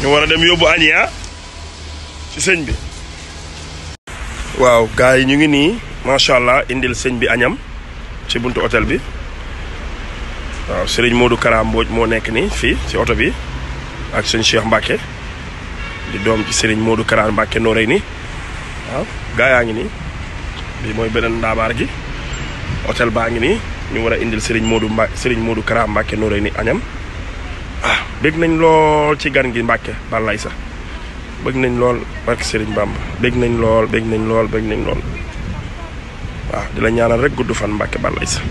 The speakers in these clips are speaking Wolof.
ñu war a dem yóbbu añ ya ah, ci sëñ bi. waaw gars yi ñu ngi nii macha allah indil sëñ bi añam ci buntu otel bi waaw sëriñ Modou Kara Mbodj moo nekk ni fii ci oto bi ak sëñ Cheikh Mbacke di doom ci sëriñ Modou Kara Mbacke noo rey nii waaw gars yaa ngi nii bii mooy beneen ndaabaar gi otel baa ngi nii. ñu war a indil Serigne Modou Mba Serigne Modou Kara Mbacke nooree ni añam ah bégg nañ lool ci gan gi Mbacke balaay sax bëgg nañ lool barke Serigne Bamba bégg nañ lool bégg nañ lool bégg nañ lool waaw ah, di la rek gudd fan Mbacke balaay sax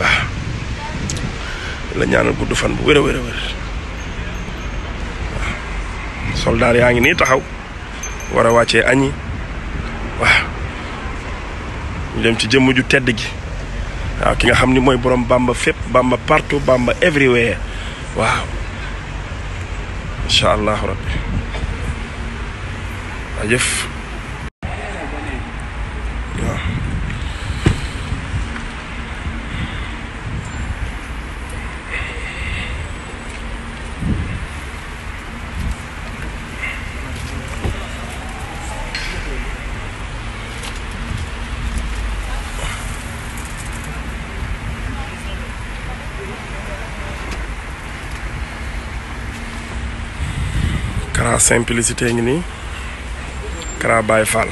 ah, di la ñaanal gudd fan bu wér a wér ah, soldaar yaa ngi nii taxaw war a wàccee añi waaw ñu dem ci jëmm ju tedd gi. waaw ki nga xam ni mooy borom bamba fépp bamba partout bamba everywhere waaw incha allahu rabbi jëf Kara simplicité ngi nii Kara Baye Fall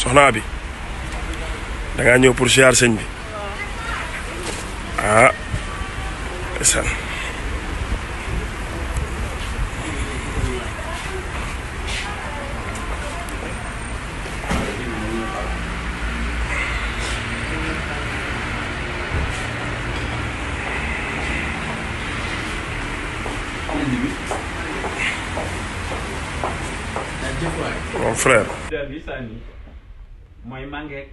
soxnaa bi da ñëw pour ziar sëñ bi ah san mon frère. mooy màngeeg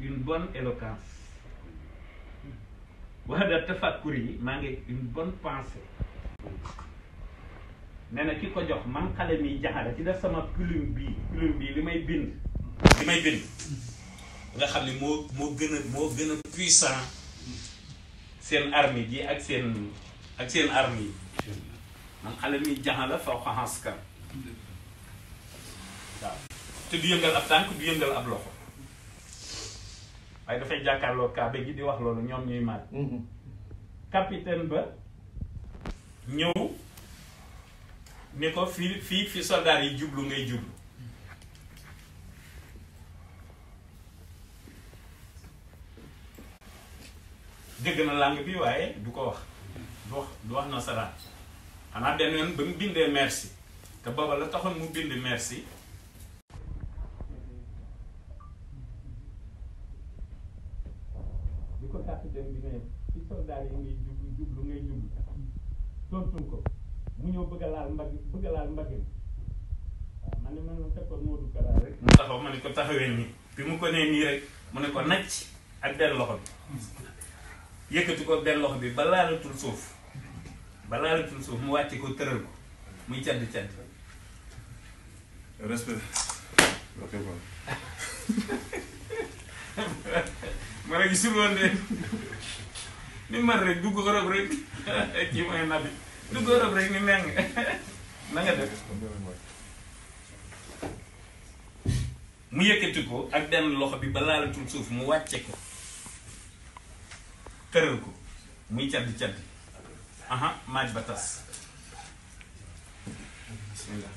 une bonne éloquence wala tafakkuri yi màngeeg une bonne pensée nee ki ko jox man xale mi jaxale ci def sama plume bii plume bii li may bind li may bind nga xam ne moo moo gën a moo gën a puissant seen armée ji ak seen ak seen armée man xalami jaxala fawqa haska waaw te du yëngal ab tànk du yëngal ab loxo waaye dafay jàkkaarloo kaabe gi di wax loolu ñoom ñuy màtt mm-hmm. capitaine ba ñëw ni ko fii fii fi soldat yi jublu ngay jublu dégg na langue bi waaye du ko wax du wax du wax nasaraan xanaa benn yoon ba mu bindee merci te mu bind merci li ko capitaine bi ne ci soldat yi ngay jublu jublu ngay jublu tontu ko mu ñëw bëgg a laal mbagg bëgg a laal mbagg ma fekkoon Modou Kara rek mu taxaw ma ne ko taxawee nii bi ko nee nii ko nacc ak benn loxo bi yëkkati ko benn loxo bi ba laalatul suuf ba laalatul suuf mu wàcce ko tëral ko muy cadd cadd. respect. ma ne gisul woon de ni man rek dugg Europe rek kii mooy nabi dugg Europe rek ni neng na nga def. mu yëkkati ko ak benn loxo bi ba laalatul suuf mu wàcce ko tëral ko muy cadd cadd. aha maaj ba tas bismillah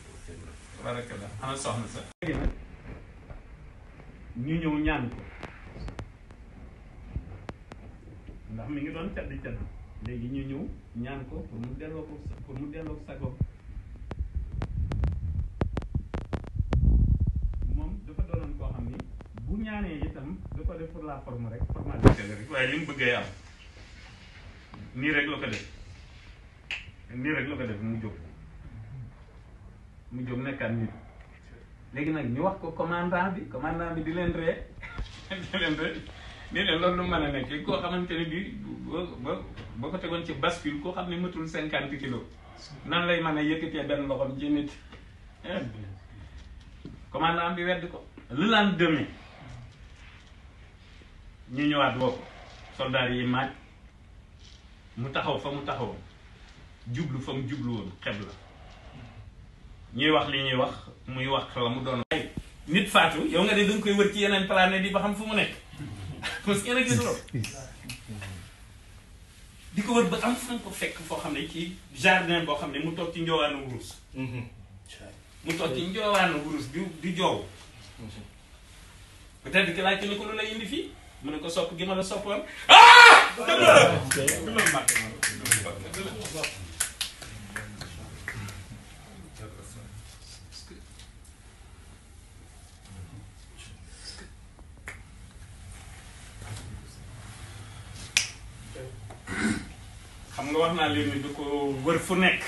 barakallah ana soxna sa léegi nag ñu ñëw ñaan ko ndax mi ngi doon caddi caddi léegi ñu ñëw ñaan ko pour mu delloo ko pour mu delloo ko sago moom dafa doonoon koo xam ni bu ñaanee itam da ko pour la forme rek formalité la rek waaye li bëggee am nii rek la nii rek la mu jóg mu jóg nekkaat nit léegi nag ñu wax ko commandant bi commandant bi di leen ree di leen ree nii leen loolu lu mën a nekk koo xamante ne bi ba ko tegoon ci bascule koo xam ne matul cinquante kilos nan lay mën a yëkkatee benn loxoom ci nit eh? commandant bi wedd ko le lendemain ñu ñëwaat woo ko soldat yi maaj mu taxaw fa mu taxaw jublu fa mu jublu woon xeb la ñuy wax li ñuy wax muy wax la mu doon ay nit faatu yow nga ne danga koy wër ci yeneen planète yi ba xam fu mu nekk parce que di ko wër ba am fan ko fekk foo xam ne ci jardin boo xam ne mu toog ci njoowaanu wurus mhm. mu toog ci njoowaanu wurus di di joow peut-être laaj ko ni ko lu lay indi fii mu ne ko sopp gi ma la soppoon ah, ah! wër fu nekk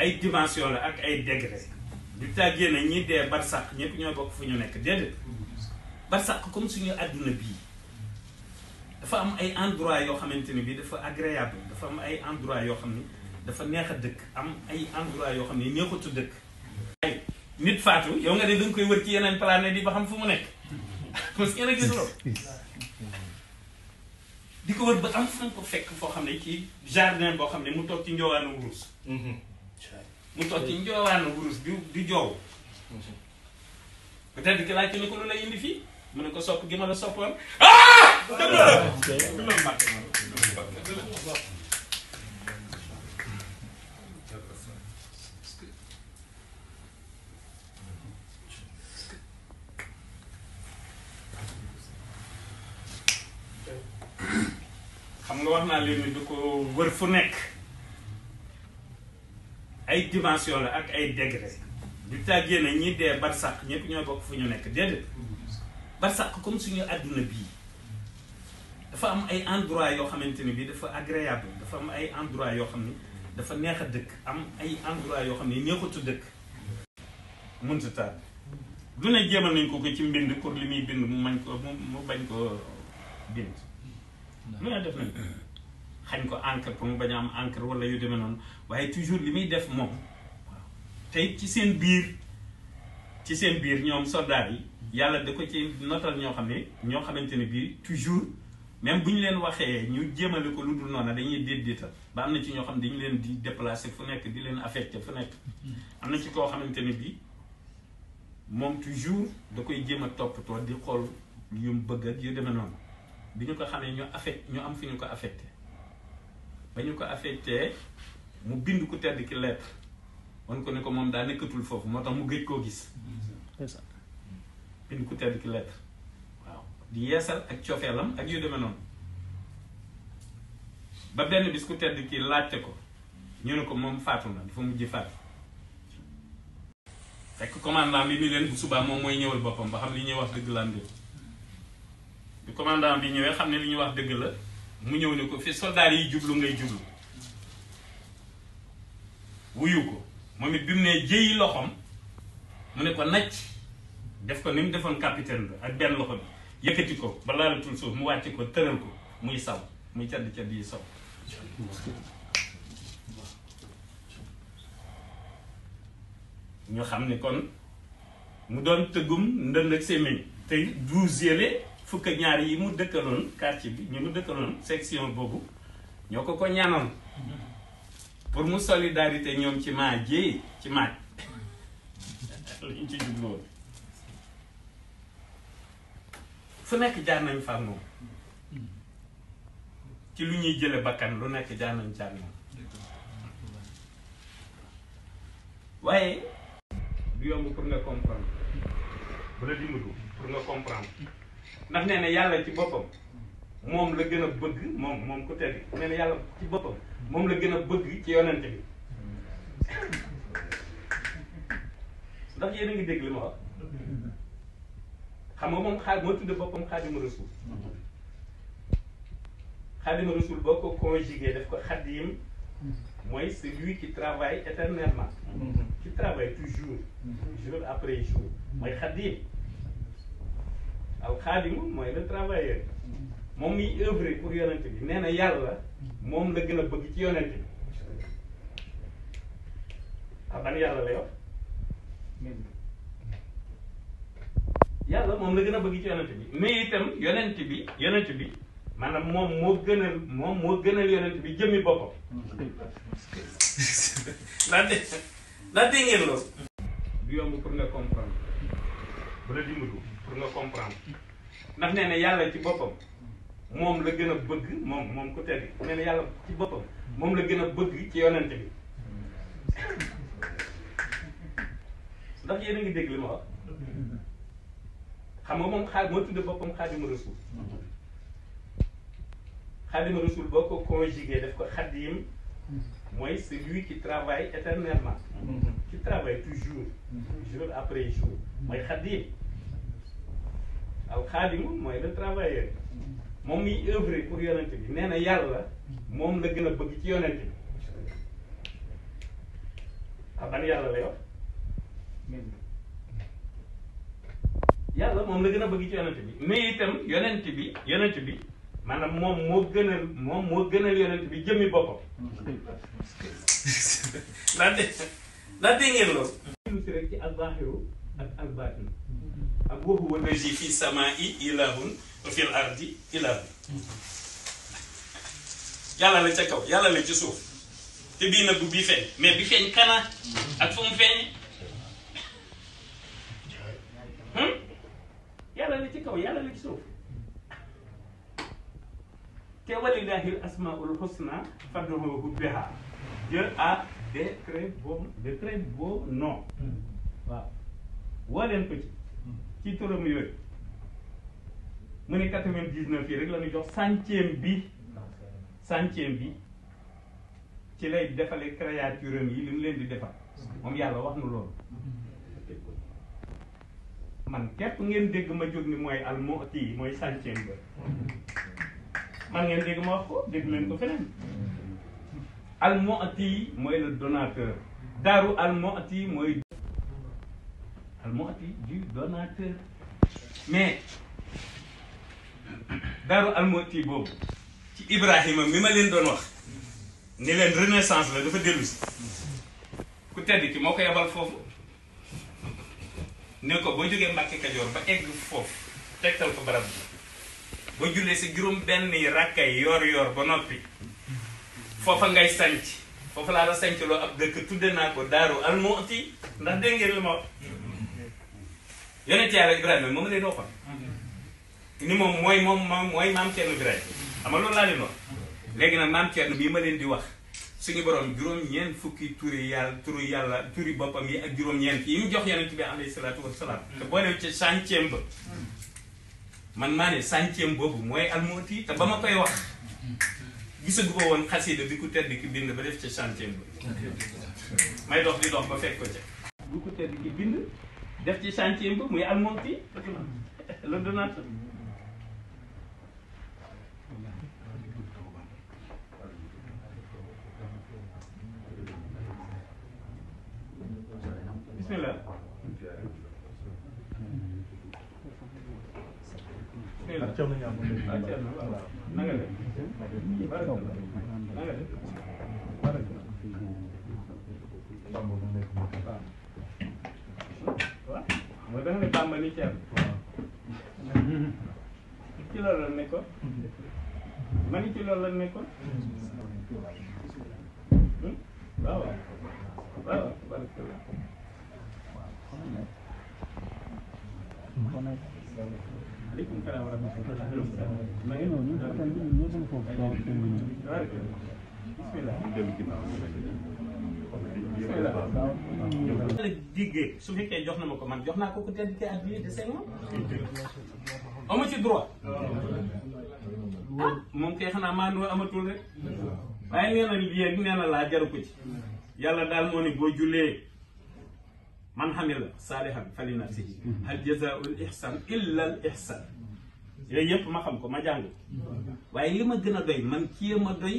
ay dimension la ak ay degré du tàggee na ñi dee barsàq ñëpp ñoo bokk fu ñu nekk déedéet barsàq comme suñu àdduna bii dafa am ay endroit yoo xamante ni bi dafa agréable dafa am ay endroit yoo xam ne dafa neex a dëkk am ay endroit yoo xam ne neexutu dëkk ay nit faatu yow nga ne danga koy wër ci yeneen planète yi ba xam fu mu nekk parce que yéen a gis loolu di ko wër ba am fan ko fekk foo xam ne ci jardin boo xam ne mu toog ci njoowaanu wurus mhm. mu toog ci njoowaanu wurus di di joow peut-être que laaj ci ko lu lay indi fii mu ne ko sopp gi ma la soppoon ah naa leen du ko wër fu nekk ay dimension la ak ay degré du tàggee na ñi dee barsàq ñëpp ñooy bokk fu ñu nekk déedéet barsàq comme suñu àdduna bii dafa am ay endroit yoo xamante ni bi dafa agréable dafa am ay endroit yoo xam ne dafa neex a dëkk am ay endroit yoo xam ne neexutu dëkk mënta du ne jéemal nañ ko ko li muy bind mu mañ ko mu bañ ko bind lu ne def nañ xañ ko encre pour mu bañ am encre wala yu demee noonu waaye toujours li muy def moom tey ci seen biir ci seen biir ñoom soldat yi yàlla da ko ci notal ñoo xam ne ñoo xamante ne bii toujours même bu ñu leen waxee ñu jëmale ko lu dul noonu dañuy déedéetal ba am na ci ñoo xam ne dañu leen di déplacer fu di leen affecté fu nekk na ci koo xamante ne bii moom toujours da koy jéem a toppatoo di xool yu mu bëgg ak yu demee noonu bi ñu ko xamee ñu affect ñu am fi ñu ko affecté ba ñu ko affecté mu bind ku tedd ki lettre wan ko ne ko moom daa nekkatul foofu moo tax mu gëj koo gis bind ku tedd ki lettre waaw di yeesal ak cofeelam ak yu demee noonu ba benn bis ku tedd ki laajte ko ñu ne ko moom faatu na dafa mujj faatu fekk commandant bi ni leen subaa moom mooy ñëwal boppam ba xam li ñuy wax dëgg la am bi commandant bi ñëwee xam ne li ñuy wax dëgg la mu ñëw ne ko fi soldaar yi jublu ngay jublu wuyu ko moom it bi mu ne jëyi loxoom mu ne ko nacc def ko ni mu defoon capitaine bi ak benn loxo bi yëkkati ko ba laalatul mu wàcc ko tëral ko muy saw muy cadd cadd yi saw ñu xam ni kon mu doon tëggum ndënd ak sémmiñ te douze yële fukk ñaar yi mu dëkkaloon quartier bi ñu mu dëkkaloon section boobu ñoo ko ko ñaanoon pour mu solidarité ñoom ci maa jéey ci maaj lañ ci jubloon fu nekk jaar nañ ci lu ñuy jële bakkan lu nekk jaar nañ jaar moom waaye du yomb pour nga comprendre bu la dimbalu pour nga comprendre ndax nee na yàlla ci boppam moom la gën a bëgg moom moom ku tedd nee na yàlla ci boppam moom la gën a bëgg ci yonent bi ndax yéen a ngi dégg li ma wax xam nga moom xaar moo tudde boppam xaadima rasul xaadima rasul boo ko conjugué daf ko xadim mooy celui qui travaille éternellement mm-hmm. qui travaille toujours jour mooy xadim aw alxaadimu mooy le travailleur moom miy œuvre pour yonent bi nee na yàlla la gën a bëgg ci yonent bi xam ah, ban yàlla lay wax moom la gën a bëgg ci yonent bi mais itam yonent bi yonent bi maanaam moom moo gënal moom moo gënal yonent bi jëmmi boppam laa dé laa dégg ngeen loolu du yomb pour nga comprendre bu la dimbalu pour nga comprendre ndax nee na yàlla ci boppam moom la gën a bëgg moom moom ku tedd nee na yàlla ci boppam moom la gën a bëgg ci yonent bi ndax yéen a ngi dégg li ma wax xam nga moom xaal moo tudd boppam xaadimu rasul xaadimu rasul boo ko conjugué daf ko xaddim mooy celui qui travaille éternellement qui travaille toujours jour après jour mooy xaddim al xaadimu mooy le travailleur moom miy œuvrer pour yonent bi nee na yàlla moom la gën a bëgg ci yonent bi ah ban yàlla lay wax yàlla moom la gën a bëgg ci yonent bi mais itam yonent bi yonent bi maanaam moom moo gënal moom moo gënal yonent bi jëmmi boppam ndax de ndax de ngeen ak al baatin mm-hmm. ak wa huwa fi samaa'i ilahun wa fil ardi ilahun mm-hmm. yàlla la ca kaw yàlla la ci suuf te bii nag bu bii feeñ mais bi feeñ kana mm-hmm. ak fu mu feeñ hmm? yàlla la ci kaw yàlla la ci suuf te walillahi l asmaul husna fad'uhu biha Dieu a des très beaux de très beaux noms woo leen ko ci ci turam yooyu mu ne quatre-vingt-dix-neuf yi rek la ñu jox centième bi centième bi ci lay defale créature yi li mu leen di defal moom yàlla wax na loolu man képp ngeen dégg ma jóg ni mooy almoti yi mooy centième ba man ngeen dégg ma wax ko dégg leen ko feneen almoti yi mooy le donateur daaru almoti yi mooy almu'ti du donateur mais daaru almu'ti boobu ci Ibrahima mi ma leen doon wax ni leen renaissance la dafa dellu si ku tedd ki moo ko yebal foofu ne ko boo jógee Mbàkke Kajoor ba egg foofu tegtal ko barab bi ba jullee si juróom benn yi rakkay yor yoor ba noppi foofa ngay sanc foofu laa la sanc loo ab dëkk tudde naa ko daaru almu'ti ndax dégg ngeen yonent yàlla Ibrahima moom leen waxoon ni moom mooy moom moom mooy maam Thierno Ibrahima xam nga loolu laa leen wax léegi nag maam Thierno bii ma leen di wax suñu borom juróom ñeen fukki turi yàlla turu yàlla turi boppam yi ak juróom-ñeent yi mu jox yonent bi alayhi salaatu wasalaam te boo dem ca centième ba man maa ne centième boobu mooy almooti te ba ma koy wax gisagu ko woon xasida bi ku tedd ki bind ba def ca centième ba may dox di dox bind def santi chantier bi muy almonti la donate bismillah bismillah na nga def na nga def ba def na tàmbali ceeb ci loolu la nekkoon ma ni ci loolu la nekkoon hmm? waaw waaw barakallah aleykum salaam wa rahmatulah ma ngi noonu ñu foofu bismillah diggee su fekkee jox na ma ko man jox naa ko ko tedd te adduna de seen moom amu ci droit moom kay xanaa maa noo amatul rek waaye nee na lii nee na laa jaru ko ci yàlla daal moo ne boo jullee man xamila saalihan fali nafsihi hal jazaa'ul ihsan illa al ihsan yooyu yëpp ma xam ko ma jàng waaye li ma gën a doy man kii ma doy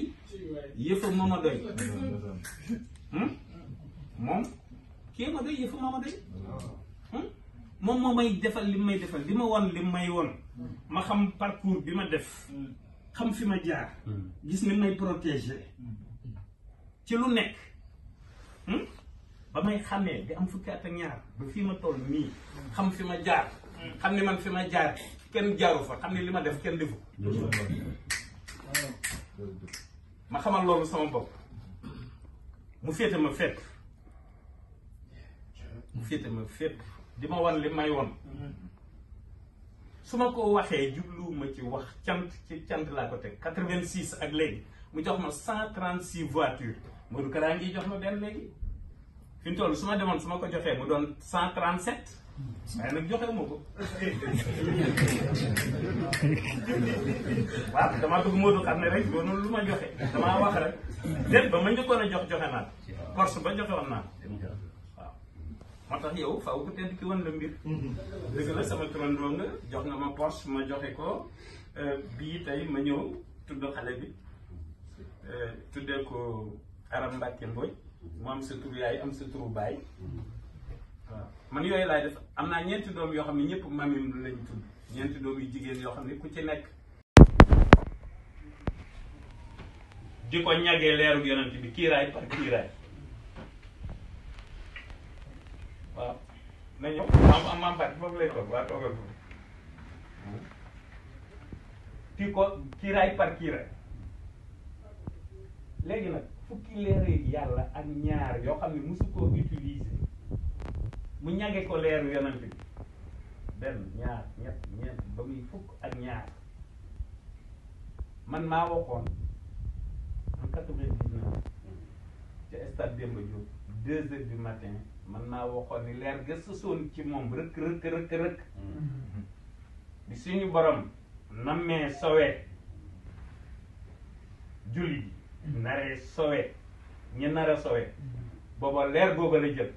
yëfa ma ma doy Hmm? moom kee ma doy yëfu hmm? Hmm? moom may defal li may defal li ma wan li may won ma xam parcours bi ma def xam fi ma jaar gis ni may protéger ci lu nekk ba may xamee di am fukki at a ñaar ba fi ma toll nii xam fi ma jaar xam ni man fi ma jaar kenn jaaru fa xam ne li ma def kenn defu ma xamal loolu sama bopp mu féete ma fépp mu féete ma fépp di ma wan li may won su ma ko waxee jubluwuma ci wax cant ci cant laa ko teg quatre-vingt-six ak léegi mu jox ma cent trente-six moo Modou Kara ngi jox ma benn léegi fi su ma demoon su ma ko joxee mu doon cent trente-sept waaye nag joxe ma ko waaw damaa bëgg Modou xam ne rek doonul lu ma joxe damaa wax rek déet ba ma njëkkoon a jox joxe naa korse ba joxe woon naa waaw moo tax yow faaw ku tedd ki woon la mbir dëgg la sama turandoo nga jox nga ma Porsche ma joxe ko euh, bii tey ma ñëw tudd xale bi euh, tuddee ko Aram Mbàkke Mbodj mu am sa tur yaay am sa turu baay waaw man yooyu laay def am naa ñeenti doom yoo xam ne ñëpp mamim lañ tudd ñeenti doom yu jigéen yoo xam ne ku ci nekk di ko ñagee leerug yonent bi kiiraay par kiiraay waaw na ñëw maam am maam Fatou foofu lay toog waa toogal foofu di ko kiiraay par kiiraay léegi nag fukki leeru yàlla ak ñaar yoo xam ne mosu koo utiliser mu ñage ko leeru yonent bi benn ñaar quatre-vingt-dix-neuf ca stade Demba Diop deux heures du matin mën naa waxoon ni leer ga sosoon ci moom rëkk rëkk rëkk rëkk bi suñu borom nammee sowee julli ji naree sowee ñu nara sowee booba leer googa la jël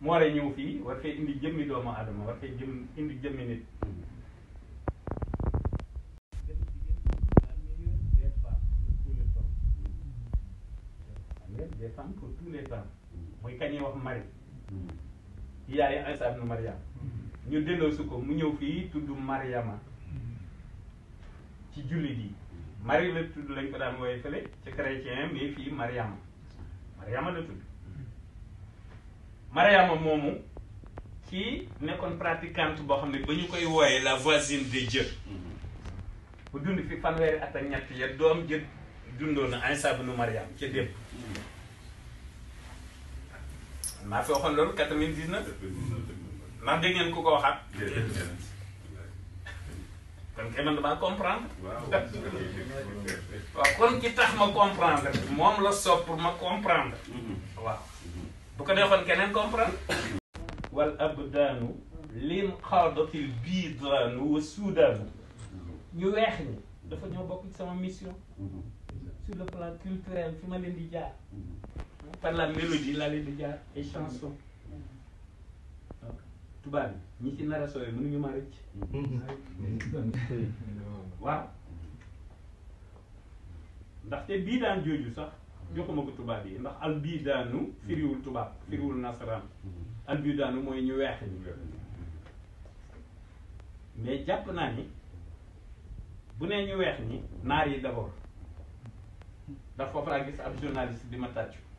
moo war a ñëw fii war fee indi jëmmi doomu aadama war fee jëm indi jëmmi nit des femmes pour tous les mm. mooy kañee wax mari mm. yaay Isa ibn Maryam mm. ñu delloosu ko mu ñëw fii tudd Maryama ci jullit yi Marie la tudd lañ ko daan wooye fële ci chrétien mais fii Maryama Maryama la tudd Maryama moomu kii nekkoon pratiquante boo xam ne ba ñu koy wooyee la voisine de Dieu bu dund fi fanweeri at ak ñett ya doom jë dundoon na Isa ibn Maryam ca démb maa fi waxoon loolu quatre-vingt-dix-neuf ndax ku ko waxaat kon kay man damaa comprendre waaw kon ki tax ma comprendre moom la sopp pour ma comprendre bu ko neexoon keneen comprendre wal abdaanu lin xaadatil biidraanu wa suudaanu ñu weex ñi dafa ñoo bokk ci sama mission sur le plan culturel fi ma leen di jaar par la mélodie la leen di jaar ay chanson tubaab yi ñi ci nar a sooyee mënuñu ma rëcc waaw ndaxte bii daan jooju sax joxuma ko tubaab yi ndax al bii daanu firiwul tubaab firiwul nasaraan al bii daanu mooy ñu weex ñu mais jàpp naa ni bu ne ñu weex ñi naar yi d'abord ndax foofu laa gis di ma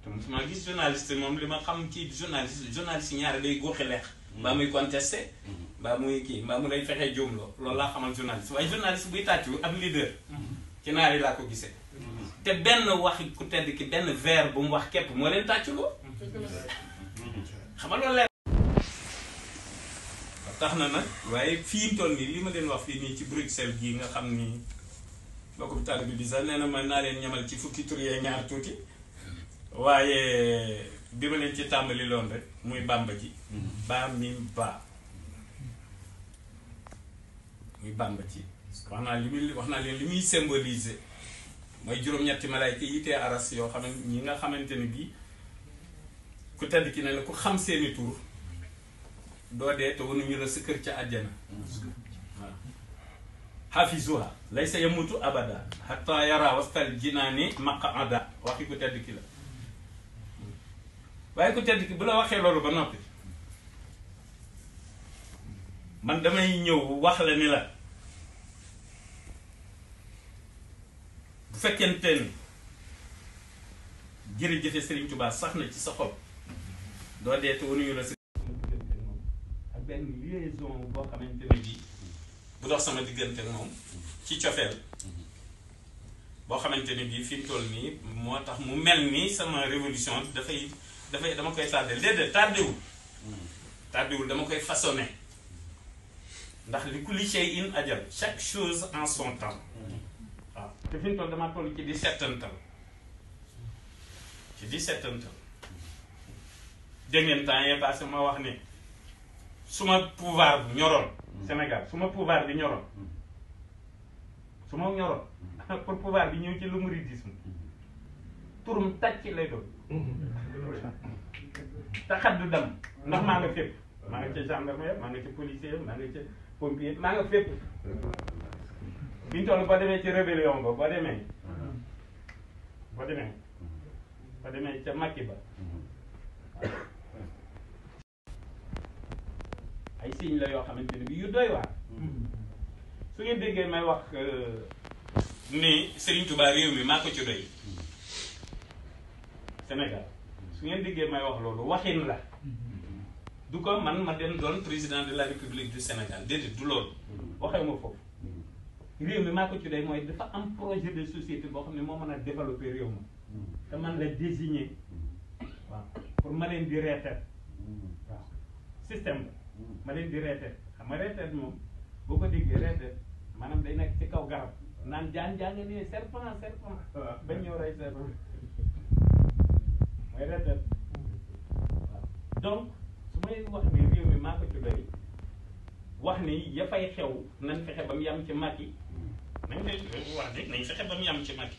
te mosuma gis journaliste moom li ma xam ci journaliste journaliste ñaari day góoxe leex mbaa muy contesté mm-hmm. mbaa muy kii mbaa mu lay fexee jóomloo loolu laa xamal journaliste waaye journaliste buy tàccu ab leader mm-hmm. ci naar yi laa ko gisee mm-hmm. te benn wax ku tedd ki benn vers bu mu wax kepp moo leen tàcculoo xam nga loolu leer tax na nag waaye fii toll nii li ma leen wax fii nii ci Bruxelles gii nga xam ni mbokku taal bi bi sax nee na ma naa leen ñamal ci fukki tur yee ñaar tuuti waaye bi ma leen ci tàmbali loon rek muy bàmba ji baa mim ba muy bàmba ji wax naa li muy wax naa leen li muy symboliser mooy juróom-ñetti malayka yi tee aras yoo xam ne ñi nga xamante ni bii ku tedd ki ne la ku xam seeni tur doo dee te wanuñu la sa kër ca àjjana waaw xafizuha laysa yamutu abada xata yara wastal jinaani maqa ada waxi ku tedd ki la waaye ku tedd ki bu la waxee loolu ba noppi man damay ñëw wax la ni la bu fekkente ni jëfe Sëriñ Tuubaa sax na ci sa xol doo dee te wanuñu la si benn liaison boo xamante ne bii bu dox sama diggante moom ci cofeel boo xamante ne bii fi mu toll nii moo tax mu mel nii sama révolution dafay dafay dama koy tardé déedéet tardé wul tardé wul dama koy façonné ndax li ku li shay in ajal chaque chose en son temps waaw te fi mu toll ci di settantal ci di settantal dégg temps yee passé ma wax ni suma ma pouvoir bu ñoroon Sénégal su ma pouvoir bi ñoroon su ma ñoroon pour pouvoir bi ñëw ci lu mouridisme turum tàcc lay doon te xat du dem ndax maa nga fépp maa nga ci gendarme yëpp maa nga ci policier yëpp maa nga ci pompier yëpp maa nga fépp biñu toll boo demee ci rébellion ba boo demee boo demee boo demee ca Macky ba ay signe la yoo xamante ne bi yu doy wax euh, ni Serigne Touba mi maa ko ci Sénégal su ngeen déggee may wax loolu waxin la du ko man ma dem doon président de la république du Sénégal déedéet du loolu waxee ma foofu réew mi maa ko ci day mooy dafa am projet de société boo xam ne moo mën a développer réew ma te man la désigner waaw pour ma leen di reeteet waaw système la ma leen di reeteet xam nga reeteet moom boo ko déggee reeteet maanaam day nekk ci kaw garab naan jaan jaa nga ne serpent serpent waaw bañ ñëw rey serpent ay retraite waaw wax ni réew mi maa ko ci doy wax ni ya fay xew nañ fexe ba mu yam ci Macky nañ fay wax ni nañ fexe ba mu yam ci Macky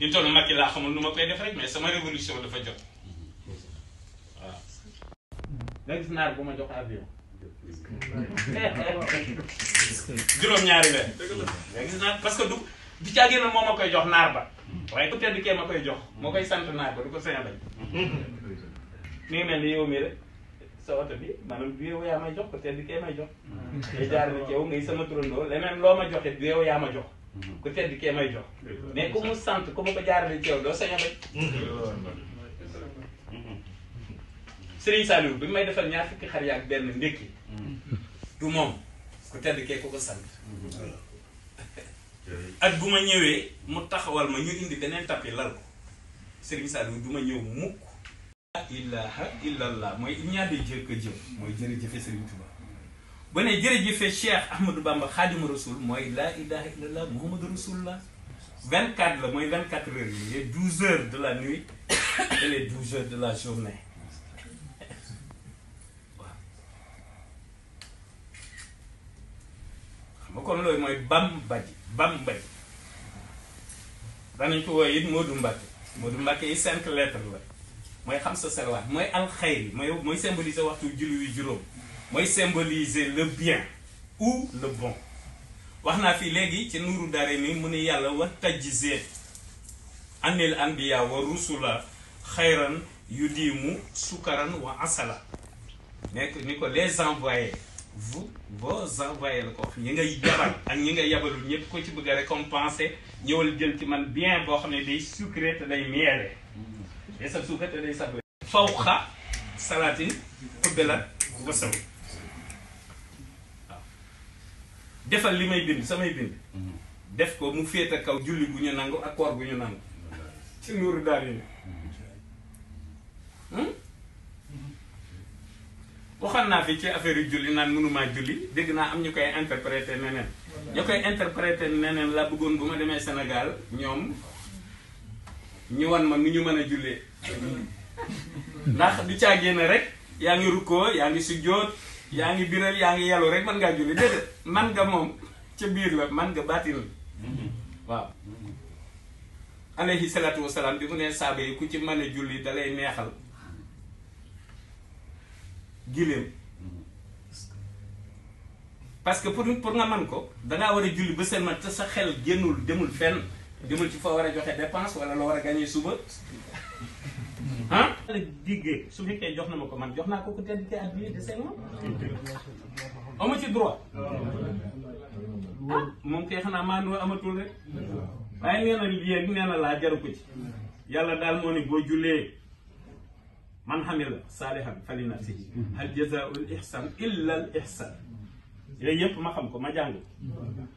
li toll Macky laa xamul nu ma koy def rek mais sama révolution dafa jot nga gis naar bu ma jox avion juróom-ñaari weer nga gis naar parce que du du caagee na moo ma koy jox naar ba waaye ku tedd kee ma koy jox moo koy sant naa ko du ko sañ a bañ mi ngi mel ni yow mi rek sa oto bi maanaam du yow yaa may jox ku tedd kee may jox day jaar na ci yow ngay sama turandoo leneen loo ma joxe du yow yaa ma jox ku tedd kee may jox mais ku mu sant ku ma ko jaarale ci yow doo sañ a bañ Serigne Saliou bi may defal ñaar fukki xar yaak benn ndékki du moom ku tedd kee ku ko ak bu ma ñëwee mu taxawal ma ñu indi beneen tapis lal ko Serigne Saliou du ma ñëw mukk la ilaha illallah mooy ñaade jëkk jëf mooy jërëjëfe Serigne Touba bu ne jërëjëfe Cheikh Ahmadou Bamba Khadimou Rasoul mooy la ilaha illallah Muhammadu Rasulullah 24 la mooy 24 heures yi les 12 heures de la nuit et les 12 de la journée waaw xam kon loolu mooy bam baji bam baji danañ ko wooye it Modou Mbacke Modou Mbacke yi cinq lettres la mooy xam sa serwaat mooy alxayri mooy mooy symboliser waxtu julli yu juróom mooy symboliser le bien ou le bon wax naa fi léegi ci nuuru dare mi mu ne yàlla wa tajzee anil anbiya wa rusula xayran yu diimu sukaran wa asala nekk ni ko les envoyés vous vos envoyé la ko ñi ngay yabal ak ñi ngay yabalul ñëpp ko ci bëgg a récompenser ñëwal jël ci man bien boo xam ne day sucré te day miellé day mm-hmm. sab sucré te day sablé fawxa salatin xubbelat wasaw waaw defal li may bind samay bind mm-hmm. def ko mu féete kaw julli bu ñu nangu ak koor bu ñu nangu mm-hmm. ci nuuru daal yi hmm? waxoon naa fi ci affaire yu julli naan mënumaa julli dégg naa am ñu koy interpréter neneen ñu koy interpréter neneen laa bëggoon bu ma demee Sénégal ñoom ñu wan ma nu ñu mën a jullee ndax du caagee ne rek yaa ngi rukkoo yaa ngi sujjóot yaa ngi biral yaa ngi yalu rek mën ngaa julli dégg man nga moom ca biir la man nga baatin waaw alayhi salaatu wasalaam bi mu ne saaba yi ku ci mën a julli dalay neexal giléem parce que pour pour nga man ko dangaa war a julli ba seen man te sa xel génnul demul fenn demul ci foo war a joxe dépense wala loo war a gagné suba ah diggee su fekkee jox na ma ko man jox naa ko ko tedd te addiya de seen moom amu ci droit ah moom kay xanaa maanoo amatul rek waaye nee na lii laa jaru ko ci yàlla daal moo ne boo jullee man xamila saalihan fali nafsihi mm-hmm. mm-hmm. hal jazaa'ul ihsan illa al ihsan mm-hmm. yooyu yëpp ma xam ko ma jàng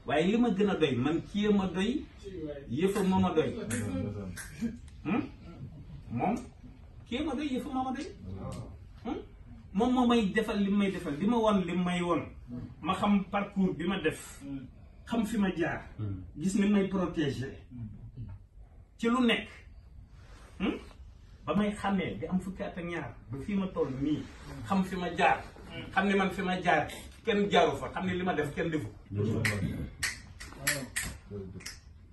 waaye li ma gën a doy man kii ma doy yëfa ma ma doy hmm? moom kii ma doy yëfa ma ma doy hmm? moom moo may defal li may defal li ma won li may won ma xam parcours bi ma def xam fi ma jaar gis ni may protéger ci lu nekk hmm? ba may xàmmee di am fukki at ak ñaar ba fii ma toll nii xam fi ma jaar xam ne man fi ma jaar kenn jaaru fa xam ne li ma def kenn defu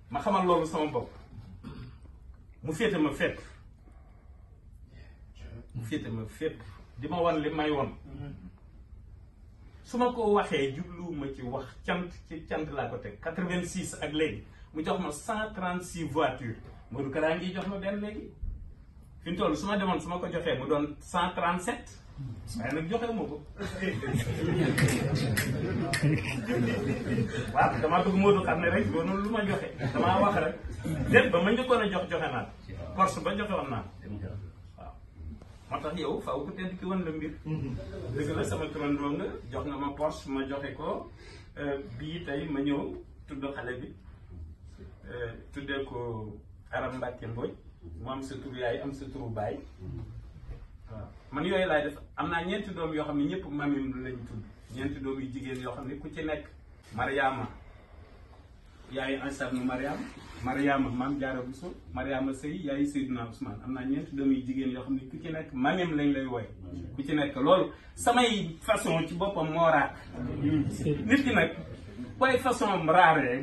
ma xamal loolu sama bopp mu féete ma fépp mu féete ma fépp di ma wan li may won su ma ko waxee ma ci wax cant ci cant laa ko teg quatre-vingt-six ak léegi mu jox ma cent trente-six voitures Modou Kara ngi jox ma benn léegi fi mu toll su ma demoon su ma ko joxee mu doon cent trente sept waaye nag joxe wu ma ko waaw damaa bëgg Modou xam ne rek doonul lu ma joxe damaa ba ma njëkkoon a jox joxe naa force ba joxe woon naa waaw moo tax yow faaw ki woon la mbir sama turandoo nga jox nga ma Porsche ma joxe ko euh, bii tey ma ñëw tudd xale bi euh, tuddee ko Aram Mbacke Mbodj mu am sa turu yaay am sa turu baay waaw man yooyu laay def am naa ñeenti doom yoo xam ne ñëpp mamim lañ tudd ñeenti doom yu jigéen yoo xam ne ku ci nekk mariama yaayu Insa nu mariama mariama maam jaara buso mariama sëy yaayu Seydina Ousmane am naa ñeenti doom yu jigéen yoo xam ne ku ci nekk mamim lañ lay woy ku ci nekk loolu samay façon ci boppam moo raar nit ki nag waaye façon raar